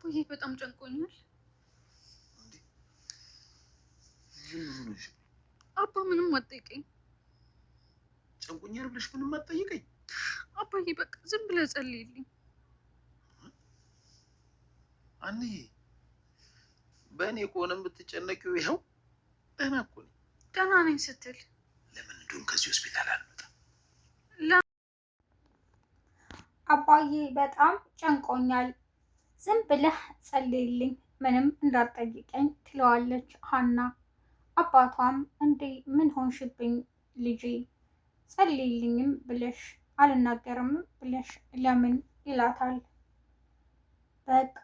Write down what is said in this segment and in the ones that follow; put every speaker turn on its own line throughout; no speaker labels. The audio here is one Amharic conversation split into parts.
አቦዬ በጣም ጨንቆኛል። አባ ምንም አጠይቀኝ።
ጨንቆኛል ብለሽ ምንም አጠይቀኝ።
አባዬ በቃ ዝም ብለህ ጸልይልኝ።
አንዬ በእኔ ከሆነ የምትጨነቂው ይኸው ደህና እኮ
ነኝ። ደህና ነኝ ስትል
ለምን እንዲሁም ከዚህ ሆስፒታል አልመጣም?
አባዬ በጣም ጨንቆኛል ዝም ብለህ ጸልይልኝ ምንም እንዳትጠይቀኝ ትለዋለች ሀና። አባቷም እንዴ ምን ሆንሽብኝ ልጄ ጸልይልኝም ብለሽ አልናገርም ብለሽ ለምን ይላታል። በቃ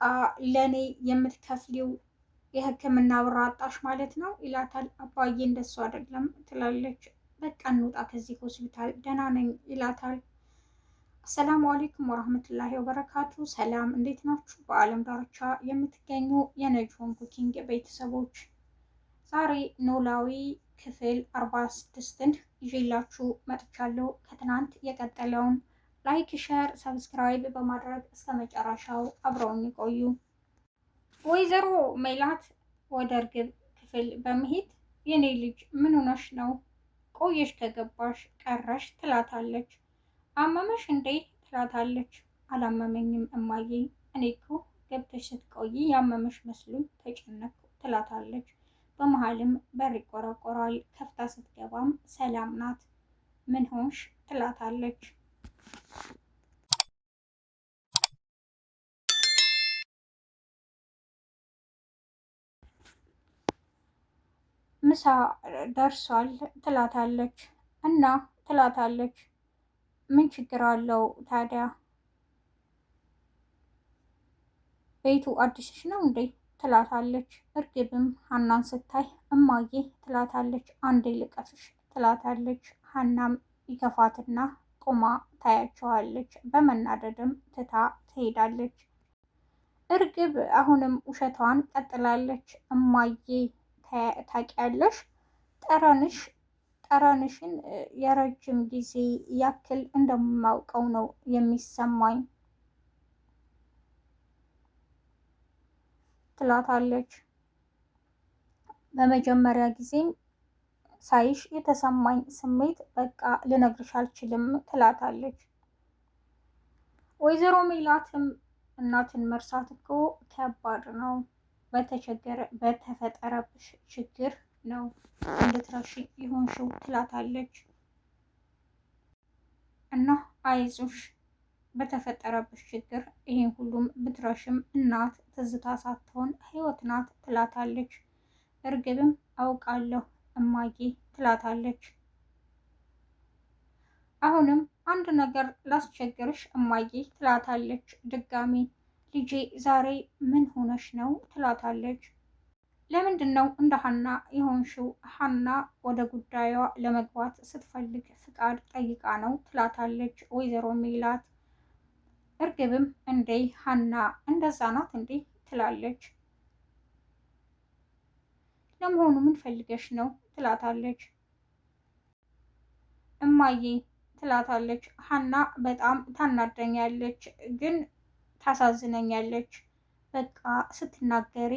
ለእኔ የምትከፍሊው የሕክምና ብር አጣሽ ማለት ነው ይላታል። አባዬ እንደሱ አይደለም ትላለች። በቃ እንውጣ ከዚህ ሆስፒታል ደህና ነኝ ይላታል። አሰላሙ አሌይኩም ወራህመቱላሂ ወበረካቱ። ሰላም እንዴት ናችሁ? በዓለም ዳርቻ የምትገኙ የነጅሆን ኩኪንግ ቤተሰቦች ዛሬ ኖላዊ ክፍል አርባ ስድስትን ይዤላችሁ መጥቻለሁ። ከትናንት የቀጠለውን ላይክ፣ ሸር፣ ሰብስክራይብ በማድረግ እስከ መጨረሻው አብረውን ይቆዩ። ወይዘሮ ሜላት ወደ እርግብ ክፍል በመሄድ የኔ ልጅ ምን ሆነሽ ነው? ቆየሽ ከገባሽ ቀረሽ ትላታለች። አመመሽ እንዴ ትላታለች። አላመመኝም እማዬ፣ እኔ እኮ ገብተሽ ስትቆይ ያመመሽ መስሉኝ ተጨነኩ ትላታለች። በመሀልም በር ይቆረቆራል። ከፍታ ስትገባም ሰላም ናት። ምን ሆንሽ ትላታለች። ምሳ ደርሷል ትላታለች እና ትላታለች ምን ችግር አለው ታዲያ? ቤቱ አዲስሽ ነው እንዴ ትላታለች። እርግብም ሀናን ስታይ እማዬ ትላታለች። አንዴ ልቀፍሽ ትላታለች። ሀናም ይከፋትና ቁማ ታያቸዋለች። በመናደድም ትታ ትሄዳለች። እርግብ አሁንም ውሸቷን ቀጥላለች። እማዬ ታውቂያለሽ ጠረንሽ ጠረንሽን የረጅም ጊዜ ያክል እንደማውቀው ነው የሚሰማኝ ትላታለች። በመጀመሪያ ጊዜም ሳይሽ የተሰማኝ ስሜት በቃ ልነግርሽ አልችልም ትላታለች። ወይዘሮ ሜላትም እናትን መርሳት እኮ ከባድ ነው፣ በተቸገረ በተፈጠረብሽ ችግር ነው እንድትረሺ የሆንሽው ትላታለች። እና አይዞሽ በተፈጠረብሽ ችግር ይህን ሁሉም ብትረሽም እናት ትዝታ ሳትሆን ህይወት ናት ትላታለች። እርግብም አውቃለሁ እማጌ ትላታለች። አሁንም አንድ ነገር ላስቸግርሽ እማጌ ትላታለች። ድጋሚ ልጄ ዛሬ ምን ሆነሽ ነው ትላታለች። ለምንድን ነው እንደ ሀና የሆንሽው? ሀና ወደ ጉዳዩዋ ለመግባት ስትፈልግ ፍቃድ ጠይቃ ነው ትላታለች ወይዘሮ ሜላት። እርግብም እንዴ ሀና እንደዛ ናት እንዴ ትላለች። ለመሆኑ ምን ፈልገሽ ነው ትላታለች። እማዬ ትላታለች። ሀና በጣም ታናደኛለች፣ ግን ታሳዝነኛለች። በቃ ስትናገሪ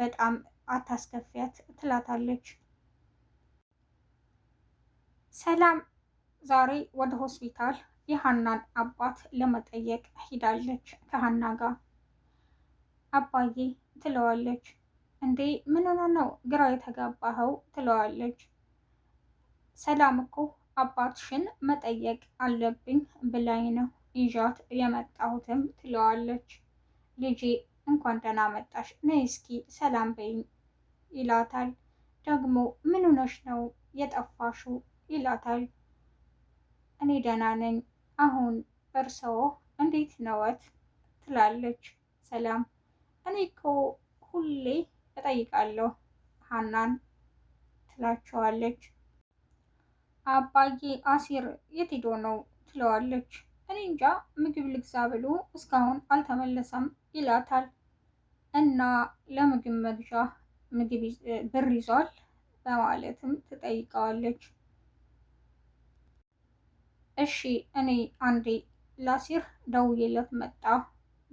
በጣም አታስከፊያት ትላታለች። ሰላም ዛሬ ወደ ሆስፒታል የሀናን አባት ለመጠየቅ ሂዳለች። ከሀና ጋር አባዬ ትለዋለች። እንዴ ምን ሆኖ ነው ግራ የተጋባኸው? ትለዋለች። ሰላም እኮ አባትሽን መጠየቅ አለብኝ ብላኝ ነው ይዣት የመጣሁትም ትለዋለች። ልጄ እንኳን ደህና መጣሽ፣ ነይ እስኪ ሰላም በይኝ ይላታል። ደግሞ ምን ሆነሽ ነው የጠፋሹ ይላታል። እኔ ደህና ነኝ፣ አሁን እርስዎ እንዴት ነዎት? ትላለች ሰላም። እኔ እኮ ሁሌ እጠይቃለሁ ሀናን ትላቸዋለች። አባዬ አሲር የት ሄዶ ነው ትለዋለች። እኔ እንጃ ምግብ ልግዛ ብሎ እስካሁን አልተመለሰም ይላታል። እና ለምግብ መግዣ ምግብ ብር ይዟል በማለትም ትጠይቀዋለች። እሺ እኔ አንዴ ላሲር ደውዬለት መጣ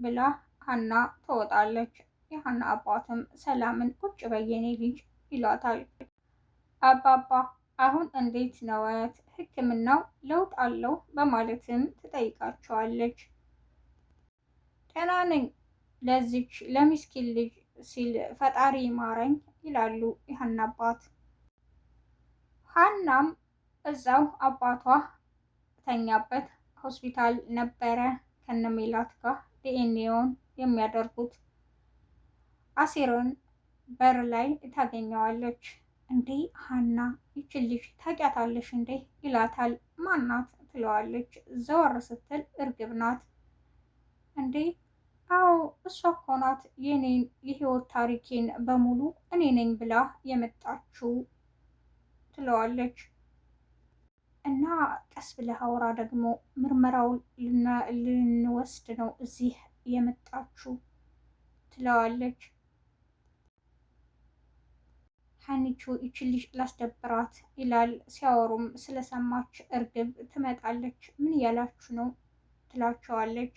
ብላ ሀና ትወጣለች። የሀና አባትም ሰላምን ቁጭ በየኔ ልጅ ይሏታል አባባ አሁን እንዴት ነዎት? ሕክምናው ለውጥ አለው? በማለትም ትጠይቃቸዋለች። ደህና ነኝ፣ ለዚች ለሚስኪን ልጅ ሲል ፈጣሪ ማረኝ ይላሉ የሀና አባት። ሀናም እዛው አባቷ ተኛበት ሆስፒታል ነበረ ከነሜላት ጋር ዲኤንኤውን የሚያደርጉት አሲርን በር ላይ ታገኘዋለች። እንዴ ሀና ይች ልጅ ታውቂያታለሽ እንዴ ይላታል። ማናት ትለዋለች። ዘወር ስትል እርግብ ናት። እንዴ አዎ እሷ እኮ ናት የኔን የህይወት ታሪኬን በሙሉ እኔ ነኝ ብላ የመጣችው ትለዋለች። እና ቀስ ብለህ አውራ ደግሞ ምርመራው ልንወስድ ነው እዚህ የመጣችው ትለዋለች። ሀኒቾ ይችልሽ ላስደብራት ይላል። ሲያወሩም ስለሰማች እርግብ ትመጣለች። ምን እያላችሁ ነው ትላቸዋለች።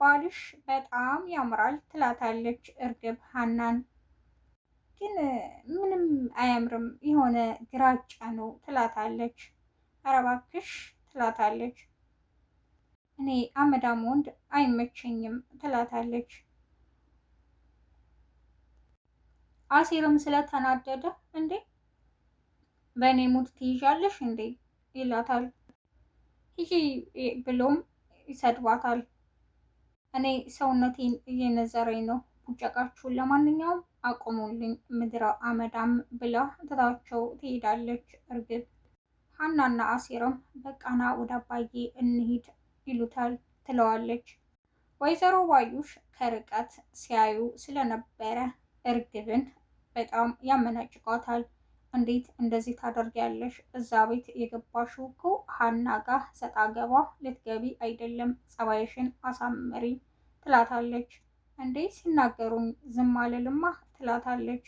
ባልሽ በጣም ያምራል ትላታለች እርግብ ሀናን። ግን ምንም አያምርም የሆነ ግራጫ ነው ትላታለች። ኧረ እባክሽ ትላታለች። እኔ አመዳም ወንድ አይመቸኝም ትላታለች። አሲርም ስለተናደደ እንዴ በእኔ ሙድ ትይዣለሽ እንዴ ይላታል። ሂጂ ብሎም ይሰድባታል። እኔ ሰውነቴን እየነዘረኝ ነው፣ ቡጨቃችሁን ለማንኛውም አቁሙልኝ ምድረ አመዳም ብላ ትታቸው ትሄዳለች። እርግብ ሀናና አሲረም በቃና ወደ አባዬ እንሂድ ይሉታል ትለዋለች። ወይዘሮ ባዩሽ ከርቀት ሲያዩ ስለነበረ እርግብን በጣም ያመናጭቋታል። እንዴት እንደዚህ ታደርጊያለሽ? እዛ ቤት የገባሽ እኮ ሀና ጋ ሰጣ ገባ ልትገቢ አይደለም፣ ጸባይሽን አሳምሪ ትላታለች። እንዴ ሲናገሩኝ ዝም አልልማ ትላታለች።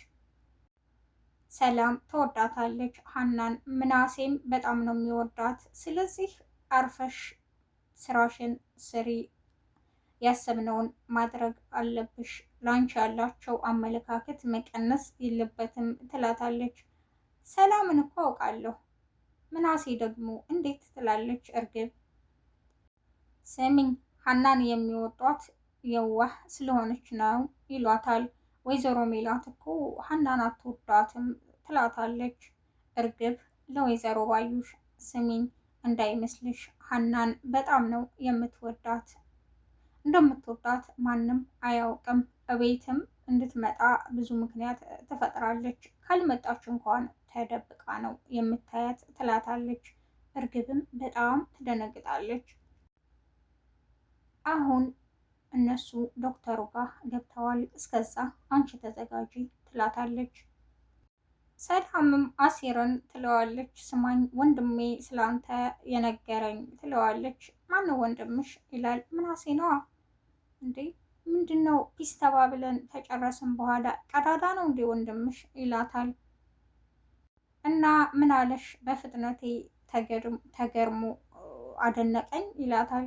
ሰላም ትወዳታለች ሀናን። ምናሴም በጣም ነው የሚወዳት። ስለዚህ አርፈሽ ስራሽን ስሪ ያሰብነውን ማድረግ አለብሽ፣ ላንቺ ያላቸው አመለካከት መቀነስ የለበትም ትላታለች። ሰላምን እኮ አውቃለሁ፣ ምናሴ ደግሞ እንዴት ትላለች እርግብ። ስሚኝ ሀናን የሚወዷት የዋህ ስለሆነች ነው ይሏታል። ወይዘሮ ሜላት እኮ ሀናን አትወዳትም ትላታለች እርግብ ለወይዘሮ ባዩሽ ስሚኝ እንዳይመስልሽ ሀናን በጣም ነው የምትወዳት እንደምትወዳት ማንም አያውቅም። እቤትም እንድትመጣ ብዙ ምክንያት ትፈጥራለች። ካልመጣች እንኳን ተደብቃ ነው የምታያት ትላታለች። እርግብም በጣም ትደነግጣለች። አሁን እነሱ ዶክተሩ ጋር ገብተዋል። እስከዛ አንቺ ተዘጋጂ ትላታለች። ሰላምም አሲርን ትለዋለች። ስማኝ ወንድሜ ስላንተ የነገረኝ ትለዋለች። ማነው ወንድምሽ ይላል። ምናሴ ነዋ እንዴ ምንድን ነው ፒስ ተባብለን ተጨረስን በኋላ ቀዳዳ ነው እንዴ ወንድምሽ ይላታል። እና ምን አለሽ? በፍጥነቴ ተገርሞ አደነቀኝ ይላታል።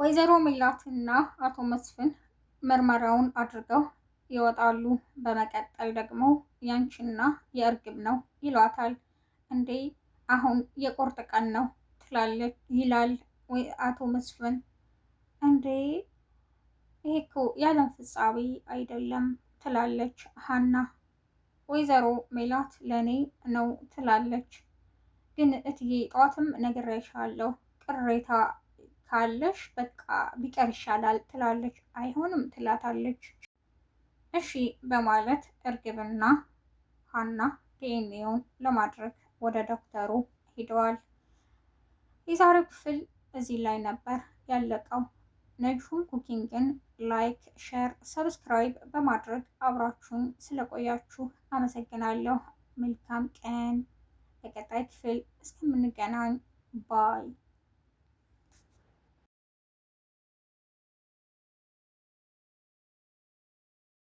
ወይዘሮ ሜላትና አቶ መስፍን ምርመራውን አድርገው ይወጣሉ። በመቀጠል ደግሞ ያንቺና የእርግብ ነው ይሏታል። እንዴ አሁን የቁርጥ ቀን ነው ትላለች ይላል ወይ አቶ መስፍን እንዴ ይሄ እኮ የዓለም ፍጻሜ አይደለም ትላለች ሀና። ወይዘሮ ሜላት ለእኔ ነው ትላለች። ግን እትዬ ጠዋትም ነግሬሻለሁ፣ ቅሬታ ካለሽ በቃ ቢቀር ይሻላል ትላለች። አይሆንም ትላታለች። እሺ በማለት እርግብና ሀና ዲኤንኤውን ለማድረግ ወደ ዶክተሩ ሄደዋል። የዛሬው ክፍል እዚህ ላይ ነበር ያለቀው። ነጅሁም ኩኪንግን ላይክ፣ ሸር፣ ሰብስክራይብ በማድረግ አብራችሁን ስለቆያችሁ አመሰግናለሁ። መልካም ቀን። በቀጣይ ክፍል እስከምንገናኝ ባይ